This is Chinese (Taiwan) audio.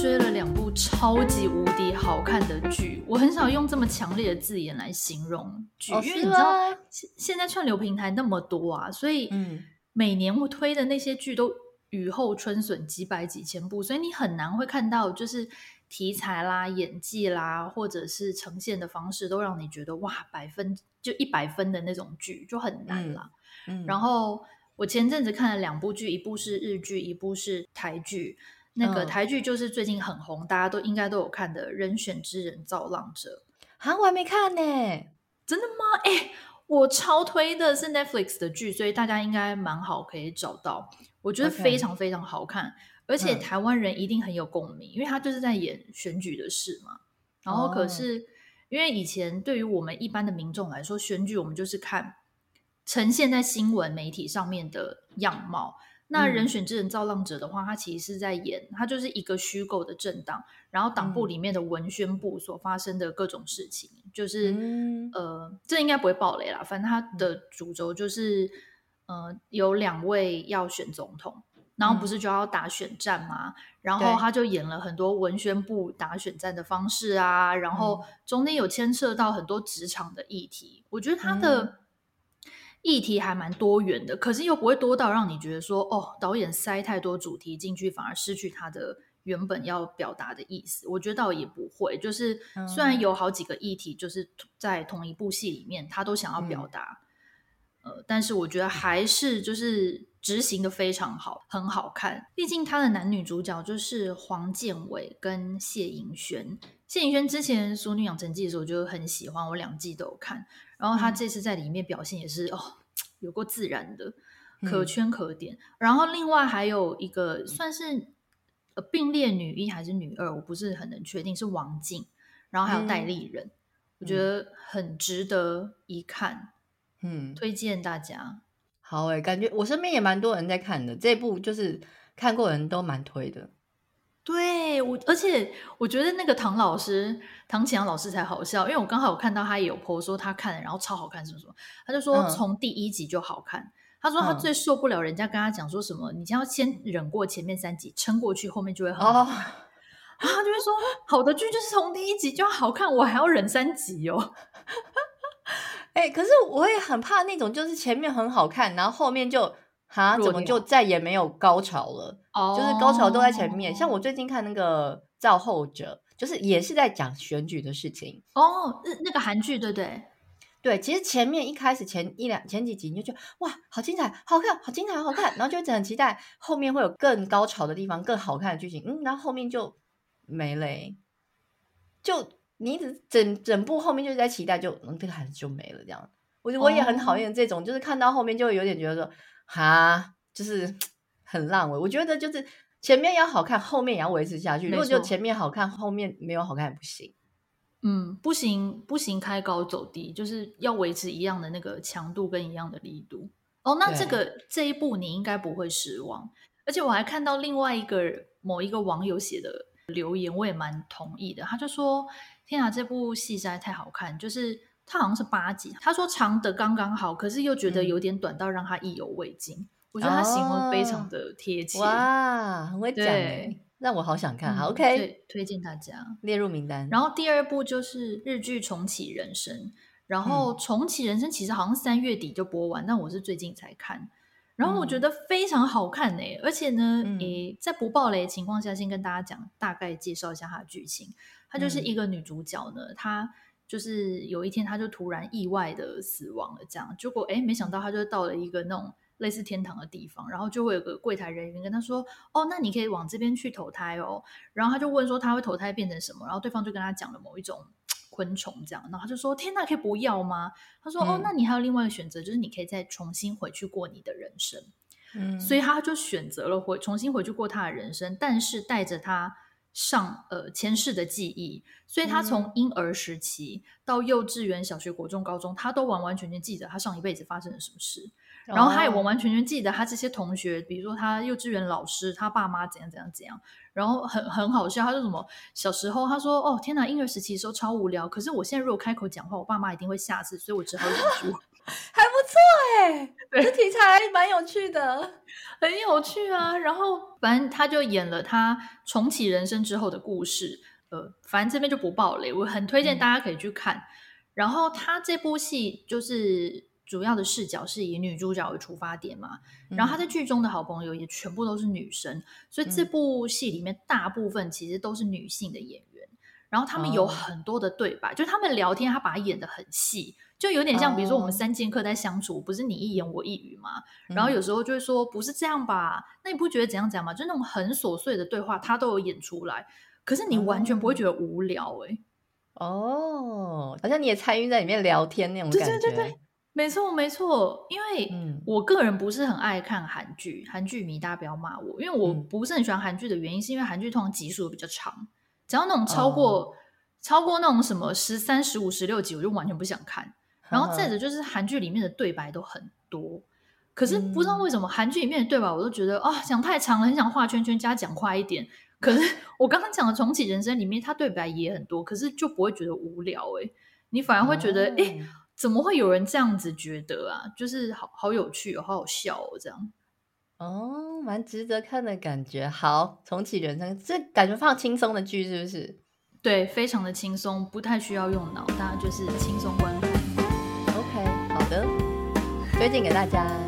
追了兩部超級無敵好看的劇，我很少用這麼強烈的字眼來形容劇，哦、是嗎？因為你知道現在串流平台那麼多啊，所以每年我推的那些劇都雨後春筍，幾百幾千部，所以你很難會看到就是題材啦、演技啦，或者是呈現的方式都讓你覺得哇，百分就一百分的那種劇就很難了。嗯嗯、然後我前陣子看了兩部劇，一部是日劇，一部是台劇。那個台劇就是最近很紅，嗯、大家都應該都有看的《人選之人造浪者》，好像我還沒看呢、欸，真的嗎？哎、欸，我超推的是 Netflix 的劇，所以大家應該蠻好可以找到。我覺得非常非常好看，Okay. 而且台灣人一定很有共鳴，嗯、因為他就是在演選舉的事嘛。然後可是，哦、因為以前對於我們一般的民眾來說，選舉我們就是看呈現在新聞媒體上面的樣貌。那人選之人造浪者的話，嗯、他其實是在演，他就是一個虛構的政黨，然後黨部裡面的文宣部所發生的各種事情，嗯、就是呃，這應該不會爆雷啦。反正他的主軸就是，呃，有兩位要選總統，然後不是就要打選戰嗎？嗯、然後他就演了很多文宣部打選戰的方式啊，嗯、然後中間有牽涉到很多職場的議題，我覺得他的。嗯議題還蠻多元的，可是又不會多到讓你覺得說哦，導演塞太多主題進去，反而失去他的原本要表達的意思。我覺得倒也不會，就是雖然有好幾個議題，就是在同一部戲裡面，他都想要表達，嗯、呃，但是我覺得還是就是執行的非常好，很好看。畢竟他的男女主角就是黃健瑋跟謝盈萱。謝盈萱之前《俗女養成記》的時候我就很喜歡，我兩季都有看。然後她這次在裡面表現也是、嗯、哦，有過自然的可圈可點。嗯、然後另外還有一個算是並列女一還是女二，我不是很能確定，是王淨，然後還有戴立忍，嗯、我覺得很值得一看，嗯，推薦大家。好誒感覺我身邊也蠻多人在看的這一部，就是看過的人都蠻推的。對我，而且我覺得那個唐老師，唐綺陽老師才好笑，因為我剛好看到他也有 po 說他看，然後超好看什麼什麼，他就說從第一集就好看，嗯、他說他最受不了人家跟他講說什麼，嗯、你先要先忍過前面三集，撐過去後面就會好，然後、哦、就會說好的劇就是從第一集就好看，我還要忍三集哦，哎、 欸，可是我也很怕那種就是前面很好看，然後後面就。哈？怎麼就再也沒有高潮了？哦點，就是高潮都在前面。哦、像我最近看那個《造後者》，就是也是在講選舉的事情。哦，那那個韓劇對不對？對，其實前面一開始前一兩前幾集你就覺得哇，好精彩，好看，好精彩，好看，好看，然後就一直很期待後面會有更高潮的地方，更好看的劇情。嗯，然後後面就沒了，欸，就你一直整整部後面就是在期待就，就、嗯、這個孩子就沒了這樣。我我也很討厭這種，哦、就是看到後面就有點覺得說。哈，就是很爛尾，我覺得就是前面要好看，後面也要維持下去。如果就前面好看，後面沒有好看也不行。嗯，不行不行，開高走低，就是要維持一樣的那個強度跟一樣的力度。哦，那這個對這一部你應該不會失望。而且我還看到另外一個某一個網友寫的留言，我也蠻同意的。他就說：“天啊，這部戲實在太好看，就是。”他好像是八集，他說長的剛剛好，可是又覺得有點短，到讓他意猶未盡。嗯、我覺得他形容非常的貼切，哦、哇，很會講哎。那對我好想看、嗯、好，OK，對推薦大家列入名單。然後第二部就是日劇《重啟人生》，然後《重啟人生》其實好像三月底就播完，嗯、但我是最近才看，然後我覺得非常好看哎。而且呢，嗯、也在不爆雷的情況下，先跟大家講，大概介紹一下她的劇情。她就是一個女主角呢，嗯、她。就是有一天，他就突然意外的死亡了，這樣結果誒，沒想到他就到了一個那種類似天堂的地方，然後就會有個櫃台人員跟他說：“哦，那你可以往這邊去投胎哦。”然後他就問說：“他會投胎變成什麼？”然後對方就跟他講了某一種昆蟲，這樣，然後他就說：“天哪，可以不要嗎？”他說：“嗯、哦，那你還有另外一個選擇，就是你可以再重新回去過你的人生。”嗯，所以他就選擇了回重新回去過他的人生，但是帶着他。上呃、前世的記憶，所以他從嬰兒時期到幼稚園小學、嗯、到幼稚園小學、國中、高中，他都完完全全記得他上一輩子發生了什麼事，哦、然後他也完完全全記得他這些同學，比如說他幼稚園老師、他爸媽怎樣怎樣怎樣，然後很很好笑，他說什麼小時候他說，哦，天哪，嬰兒時期的時候超無聊，可是我現在如果開口講話，我爸媽一定會嚇死，所以我只好忍住。 錯哎，這題材蠻有趣的，對很有趣啊。然後反正他就演了他重啟人生之後的故事，呃，反正這邊就不爆雷，我很推薦大家可以去看。嗯、然後他這部戲就是主要的視角是以女主角為出發點嘛，嗯、然後他在劇中的好朋友也全部都是女生，所以這部戲裡面大部分其實都是女性的演員。嗯然後他們有很多的對白，oh. 就是他們聊天，他把它演的很細，就有點像比如說我們三劍客在相處，oh. 不是你一言我一語嘛？嗯、然後有時候就會說不是這樣吧？那你不覺得怎樣怎樣嗎？就那種很瑣碎的對話，他都有演出來。可是你完全不會覺得無聊哎、欸！哦，好像你也參與在裡面聊天那種感覺。對對對對，沒錯沒錯，因為我個人不是很愛看韓劇，韓劇迷大家不要罵我，因為我不是很喜歡韓劇的原因，嗯、是因為韓劇通常集數比較長。只要那種超過、oh. 超過那種什麼十三、十五、十六集，我就完全不想看。然後再者就是韓劇裡面的對白都很多，可是不知道為什麼韓劇、嗯、裡面的對白我都覺得啊講、哦、太長了，很想畫圈圈加講快一點。可是我剛剛講的重啟人生裡面，他對白也很多，可是就不會覺得無聊誒、欸。你反而會覺得誒、oh. 欸，怎麼會有人這樣子覺得啊？就是好好有趣、哦，好好笑、哦、這樣。哦，蠻、oh, 值得看的感覺。好，重啟人生，這感覺放輕鬆的劇是不是？對，非常的輕鬆，不太需要用腦，大家就是輕鬆觀看。OK，好的，推薦給大家。